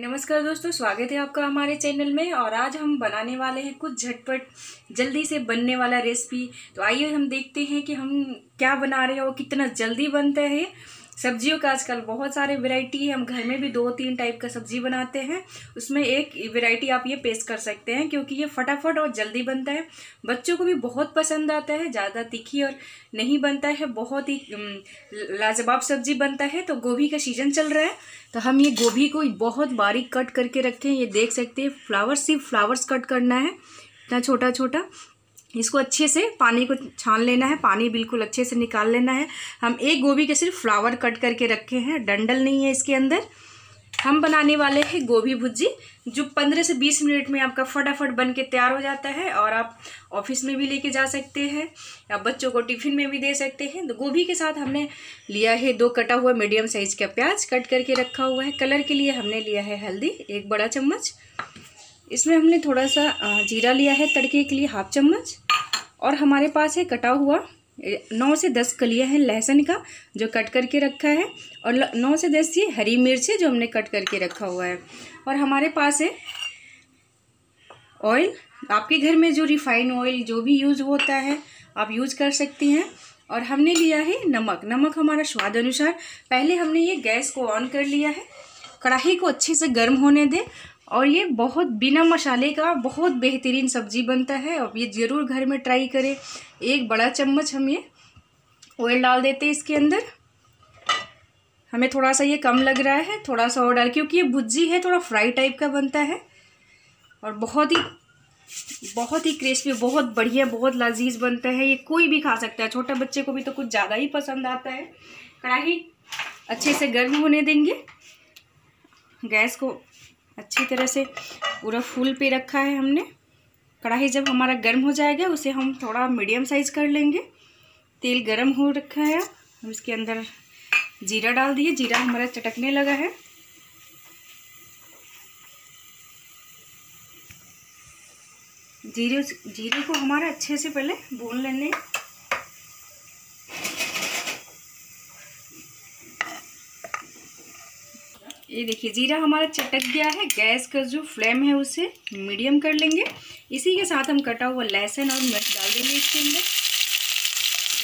नमस्कार दोस्तों स्वागत है आपका हमारे चैनल में और आज हम बनाने वाले हैं कुछ झटपट जल्दी से बनने वाला रेसिपी तो आइए हम देखते हैं कि हम क्या बना रहे हैं और कितना जल्दी बनता है सब्जियों का आजकल बहुत सारे वैरायटी है हम घर में भी दो तीन टाइप का सब्जी बनाते हैं उसमें एक वैरायटी आप ये पेस्ट कर सकते हैं क्योंकि ये फटाफट और जल्दी बनता है बच्चों को भी बहुत पसंद आता है ज़्यादा तीखी और नहीं बनता है बहुत ही लाजवाब सब्जी बनता है तो गोभी का सीजन चल रहा है तो हम ये गोभी को बहुत बारीक कट करके रखें ये देख सकते हैं फ्लावर्स सिर्फ फ्लावर्स कट करना है इतना छोटा छोटा इसको अच्छे से पानी को छान लेना है पानी बिल्कुल अच्छे से निकाल लेना है हम एक गोभी के सिर्फ फ्लावर कट करके रखे हैं डंडल नहीं है इसके अंदर हम बनाने वाले हैं गोभी भुजी जो पंद्रह से बीस मिनट में आपका फटाफट बन के तैयार हो जाता है और आप ऑफिस में भी लेके जा सकते हैं या बच्चों को टिफिन में भी दे सकते हैं तो गोभी के साथ हमने लिया है दो कटा हुआ मीडियम साइज का प्याज कट करके रखा हुआ है कलर के लिए हमने लिया है हल्दी एक बड़ा चम्मच इसमें हमने थोड़ा सा जीरा लिया है तड़के के लिए हाफ चम्मच और हमारे पास है कटा हुआ नौ से दस कलिया है लहसुन का जो कट करके रखा है और नौ से दस ये हरी मिर्च है जो हमने कट करके रखा हुआ है और हमारे पास है ऑयल आपके घर में जो रिफाइन ऑयल जो भी यूज़ होता है आप यूज़ कर सकती हैं और हमने लिया है नमक नमक हमारा स्वाद अनुसार पहले हमने ये गैस को ऑन कर लिया है कढ़ाई को अच्छे से गर्म होने दें और ये बहुत बिना मसाले का बहुत बेहतरीन सब्जी बनता है और ये ज़रूर घर में ट्राई करें एक बड़ा चम्मच हम ये ऑयल डाल देते हैं इसके अंदर हमें थोड़ा सा ये कम लग रहा है थोड़ा सा और डाल क्योंकि ये भुजी है थोड़ा फ्राई टाइप का बनता है और बहुत ही बहुत ही क्रिस्पी बहुत बढ़िया बहुत लजीज बनता है ये कोई भी खा सकता है छोटे बच्चे को भी तो कुछ ज़्यादा ही पसंद आता है कढ़ाई अच्छे से गर्म होने देंगे गैस को अच्छी तरह से पूरा फूल पे रखा है हमने कढ़ाई जब हमारा गर्म हो जाएगा उसे हम थोड़ा मीडियम साइज़ कर लेंगे तेल गर्म हो रखा है हम इसके अंदर जीरा डाल दिए जीरा हमारा चटकने लगा है जीरे जीरे को हमारा अच्छे से पहले भून लेने ये देखिए जीरा हमारा चटक गया है गैस का जो फ्लेम है उसे मीडियम कर लेंगे इसी के साथ हम कटा हुआ लहसुन और मिर्च डाल देंगे इसके अंदर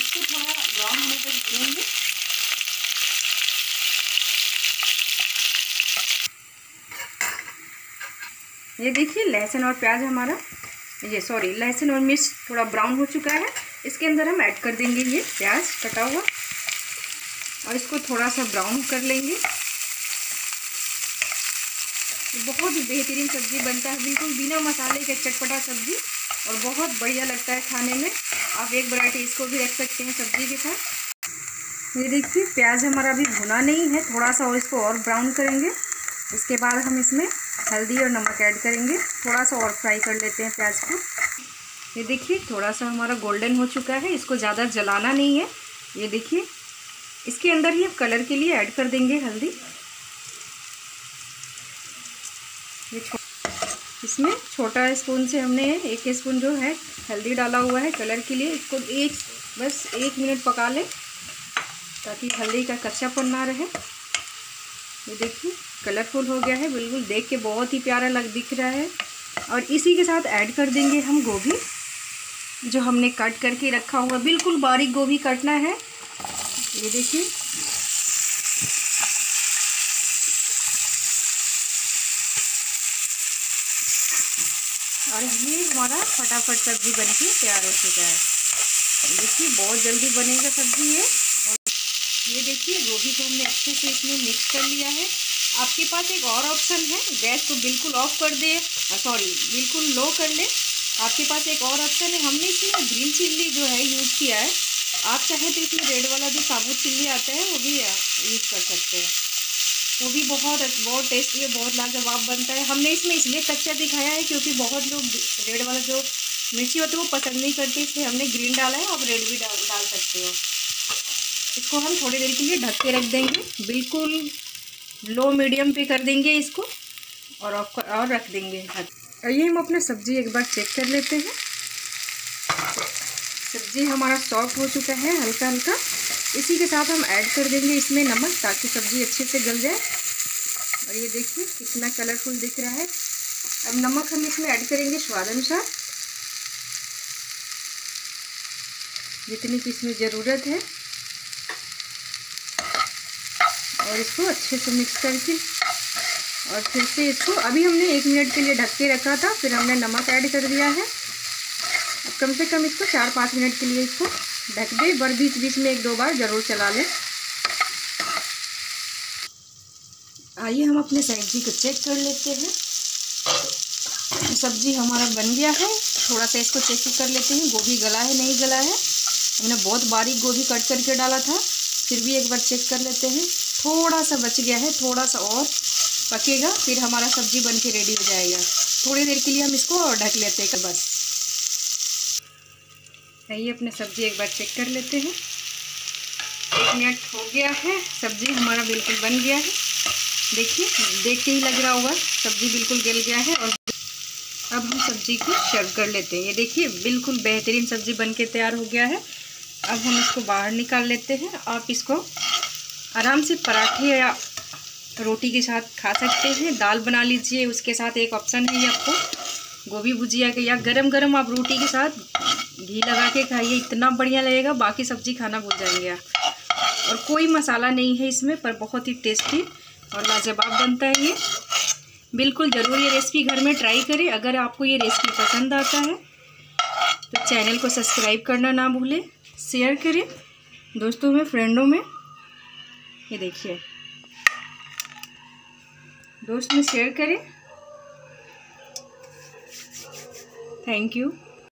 इसको थोड़ा ब्राउन होने तक भूनेंगे ये देखिए लहसुन और प्याज हमारा ये सॉरी लहसुन और मिर्च थोड़ा ब्राउन हो चुका है इसके अंदर हम ऐड कर देंगे ये प्याज कटा हुआ और इसको थोड़ा सा ब्राउन कर लेंगे बहुत ही बेहतरीन सब्ज़ी बनता है बिल्कुल बिना मसाले के चटपटा सब्ज़ी और बहुत बढ़िया लगता है खाने में आप एक वराइटी इसको भी रख सकते हैं सब्ज़ी के साथ ये देखिए प्याज हमारा अभी भुना नहीं है थोड़ा सा और इसको और ब्राउन करेंगे उसके बाद हम इसमें हल्दी और नमक ऐड करेंगे थोड़ा सा और फ्राई कर लेते हैं प्याज को ये देखिए थोड़ा सा हमारा गोल्डन हो चुका है इसको ज़्यादा जलाना नहीं है ये देखिए इसके अंदर ही हम कलर के लिए ऐड कर देंगे हल्दी इसमें छोटा स्पून से हमने एक स्पून जो है हल्दी डाला हुआ है कलर के लिए इसको एक बस एक मिनट पका लें ताकि हल्दी का कच्चापन ना रहे ये देखिए कलरफुल हो गया है बिल्कुल देख के बहुत ही प्यारा लग दिख रहा है और इसी के साथ ऐड कर देंगे हम गोभी जो हमने कट करके रखा हुआ बिल्कुल बारीक गोभी कटना है ये देखिए और ये हमारा फटाफट सब्ज़ी बनके तैयार हो चुका है देखिए बहुत जल्दी बनेगा सब्ज़ी ये और ये देखिए गोभी को हमने अच्छे से इसमें मिक्स कर लिया है आपके पास एक और ऑप्शन है गैस को बिल्कुल ऑफ कर दे सॉरी बिल्कुल लो कर ले आपके पास एक और ऑप्शन है हमने इसमें ग्रीन चिल्ली जो है यूज़ किया है आप चाहें तो इसमें रेड वाला जो साबुत चिल्ली आता है वो भी यूज़ कर सकते हैं वो भी बहुत बहुत टेस्टी है बहुत लाजवाब बनता है हमने इसमें इसलिए कच्चा दिखाया है क्योंकि बहुत लोग रेड वाला जो मिर्ची होती है वो पसंद नहीं करती इसलिए हमने ग्रीन डाला है आप रेड भी डाल डाल सकते हो इसको हम थोड़ी देर के लिए ढक के रख देंगे बिल्कुल लो मीडियम पे कर देंगे इसको और आपको और रख देंगे आइए हम अपना सब्ज़ी एक बार चेक कर लेते हैं सब्ज़ी हमारा सॉफ्ट हो चुका है हल्का हल्का इसी के साथ हम ऐड कर देंगे इसमें नमक ताकि सब्ज़ी अच्छे से गल जाए और ये देखिए कितना कलरफुल दिख रहा है अब नमक हम इसमें ऐड करेंगे स्वाद अनुसार जितनी की इसमें ज़रूरत है और इसको अच्छे से मिक्स करके और फिर से इसको अभी हमने एक मिनट के लिए ढक के रखा था फिर हमने नमक ऐड कर दिया है कम से कम इसको चार पाँच मिनट के लिए इसको ढक दे बर बीच बीच में एक दो बार ज़रूर चला लें आइए हम अपने सब्जी को चेक कर लेते हैं सब्जी हमारा बन गया है थोड़ा सा इसको चेक कर लेते हैं गोभी गला है नहीं गला है हमने बहुत बारीक गोभी कट करके डाला था फिर भी एक बार चेक कर लेते हैं थोड़ा सा बच गया है थोड़ा सा और पकेगा फिर हमारा सब्जी बन के रेडी हो जाएगा थोड़ी देर के लिए हम इसको ढक लेते हैं बस आइए अपने सब्जी एक बार चेक कर लेते हैं एक मिनट हो गया है सब्जी हमारा बिल्कुल बन गया है देखिए देख के ही लग रहा होगा सब्जी बिल्कुल गल गया है और अब हम सब्जी को सर्व कर लेते हैं ये देखिए बिल्कुल बेहतरीन सब्जी बन के तैयार हो गया है अब हम इसको बाहर निकाल लेते हैं आप इसको आराम से पराठे या रोटी के साथ खा सकते हैं दाल बना लीजिए उसके साथ एक ऑप्शन है ये आपको गोभी भुजिया के या गरम गरम आप रोटी के साथ घी लगा के खाइए इतना बढ़िया लगेगा बाकी सब्जी खाना भूल जाएंगे आप और कोई मसाला नहीं है इसमें पर बहुत ही टेस्टी और लाजवाब बनता है ये बिल्कुल ज़रूर ये रेसिपी घर में ट्राई करें अगर आपको ये रेसिपी पसंद आता है तो चैनल को सब्सक्राइब करना ना भूलें शेयर करें दोस्तों में फ्रेंडों में ये देखिए दोस्त में शेयर करें Thank you.